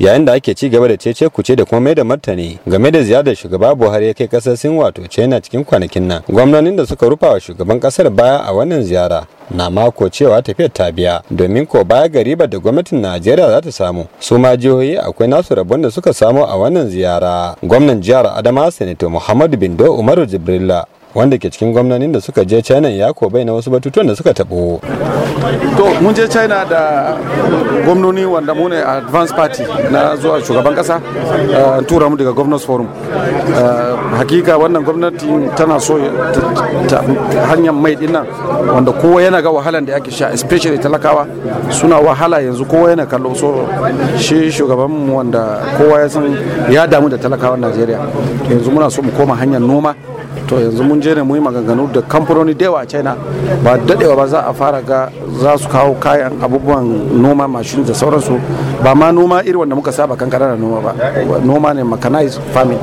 yayin da ake ci gaba da cece kuce da kuma mai da martani game da ziyarar shugaba buhari ya kai kasar sin wato china cikin kwanakin nan gwamnonin da suka rufa wa shugaban kasar baya a wannan ziyara na mako cewa tafiyar ta biya domin ko baya gariba da gwamnatin najeriya za ta samu su ma jihohi akwai nasu rabon da suka samu a wannan ziyara gwamnan jihar adama sanato muhammadu bindo umaru Jibrilla. wanda ke cikin gwamnonin da suka je china ya ko na wasu batutuwan da suka tabo to mun je china da gwamnoni wanda mu ne advance party na zuwa shugaban kasa eh, an tura mu daga governors forum eh, hakika wannan gwamnati tana so ta hanyar mai dinnan wanda kowa yana ga wahalan da ake sha especially talakawa suna wahala yanzu kowa yana kallo so shi shugaban mu wanda kowa ya san ya damu da talakawan najeriya yanzu muna so mu koma hanyar noma to yanzu mun je ne mu maganganu da kamfanoni da yawa a china ba dadewa ba za a fara ga za su kawo kayan abubuwan noma mashin da sauransu ba ma noma irin wanda muka saba kankana da noma ba noma ne mechanized farming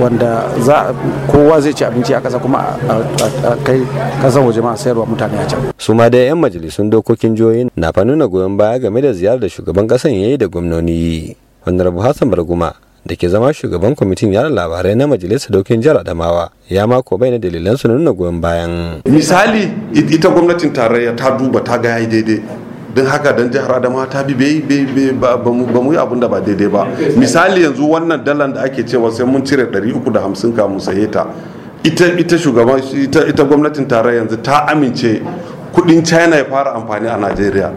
wanda za kowa zai ci abinci a kasa kuma a kai kasa waje ma sayarwa mutane a can su ma da yan majalisun dokokin jihohi na fa nuna goyon baya game da ziyarar da shugaban kasan yayi da gwamnoni honorable hassan barguma da ke zama shugaban kwamitin yada labarai na majalisar dokin jihar adamawa ya mako bai na dalilan su nuna goyon bayan misali ita gwamnatin tarayya ta duba ta ga yayi daidai don haka don jihar adamawa ta bi bai ba mu yi abin da ba daidai ba misali yanzu wannan dalan da ake cewa sai mun cire 350 kamun saye ta ita shugaban ita gwamnatin tarayya yanzu ta amince kudin china ya fara amfani a najeriya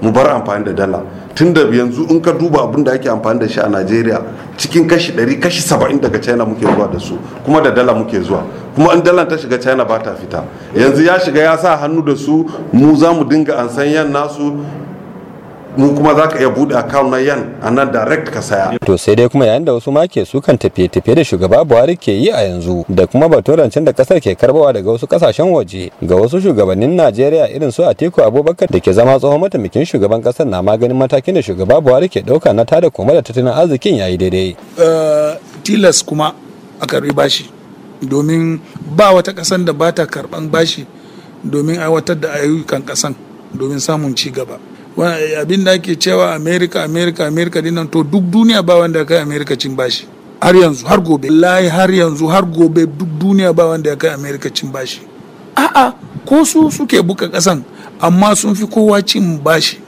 mu bar amfani da dala tun da yanzu in ka duba abin da ake amfani da shi a najeriya cikin kashi 100 kashi 70 daga china muke zuwa da su kuma da dala muke zuwa kuma in dalan ta shiga china ba ta fita yanzu ya shiga ya sa hannu da su mu za mu dinga an yan nasu mu kuma za ka iya buɗe account na yan a nan direct ka saya. To sai dai kuma yayin da wasu ma ke sukan tafiye-tafiye da shugaba Buhari ke yi a yanzu da kuma batorancin da kasar ke karbawa daga wasu kasashen waje ga wasu shugabannin Najeriya irin su Atiku Abubakar da ke zama tsohon mataimakin shugaban kasar na maganin matakin da shugaba Buhari ke ɗauka na tada koma da tattalin arzikin yayi daidai. Eh, tilas kuma a karbi bashi domin ba wata kasan da bata ta karban bashi domin aiwatar da ayyukan kasan domin samun ci gaba. abin da ake cewa america america america dinnan to duk duniya ba wanda kai america cin bashi har yanzu har gobe lai har yanzu har gobe duk duniya ba wanda ya kai america cin bashi a'a ko su suke buka kasan amma sun fi kowa cin bashi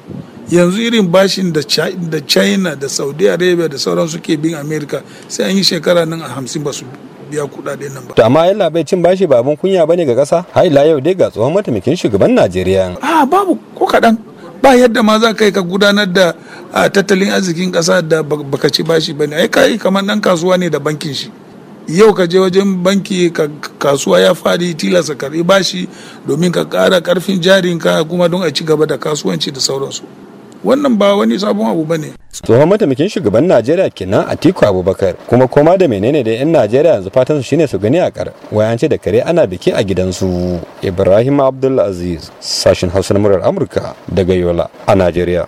yanzu irin bashin da china da saudi arabia da sauran suke bin america sai an yi shekara nan a hamsin ba su biya kudaden nan ba. To amma yalla bai cin bashi ba abun kunya bane ga kasa. Har ila yau dai ga tsohon mataimakin shugaban Najeriya. a babu ko kadan. ba yadda ma za ka yi ka gudanar da tattalin arzikin ƙasa da baka ci bashi ba ne ai kai kamar ɗan kasuwa ne da bankin shi yau ka je wajen banki kasuwa ya faɗi tilasta karɓi bashi domin ka ƙara ƙarfin ka kuma don a ci gaba da kasuwanci da sauransu wannan ba wani sabon abu bane tsohon mataimakin shugaban najeriya kenan atiku abubakar kuma koma da menene da yan najeriya yanzu fatan su shine su gani a kar wayan ce da kare ana biki a gidansu ibrahim abdulaziz sashin hausa na murar amurka daga yola a najeriya